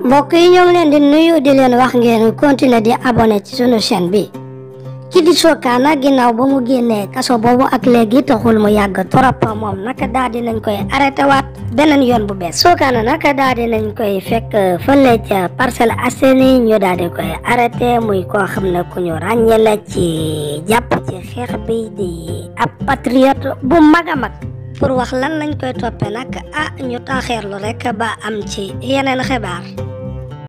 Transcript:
mbokk yi ñoo ngi leen di nuyu di leen wax ngeen continuer di abonné ci sunu chaîne bi ki di Sokana ginnaaw ba mu génnee kaso boobu ak léegi taxul mu yàgg trop moom naka daal di nañ koy arrêté waat beneen yoon bu bees Sokana naka daal di nañ koy fekk fële ca Parcelles Assainies ñu daal di koy arrêté muy koo xam ne ku ñu ràññee la ci jàpp ci xeex bi di ab patriote bu mag mag. pour wax lan lañ koy toppee nag ah ñu taaxeerlu rek ba am ci yeneen xebaar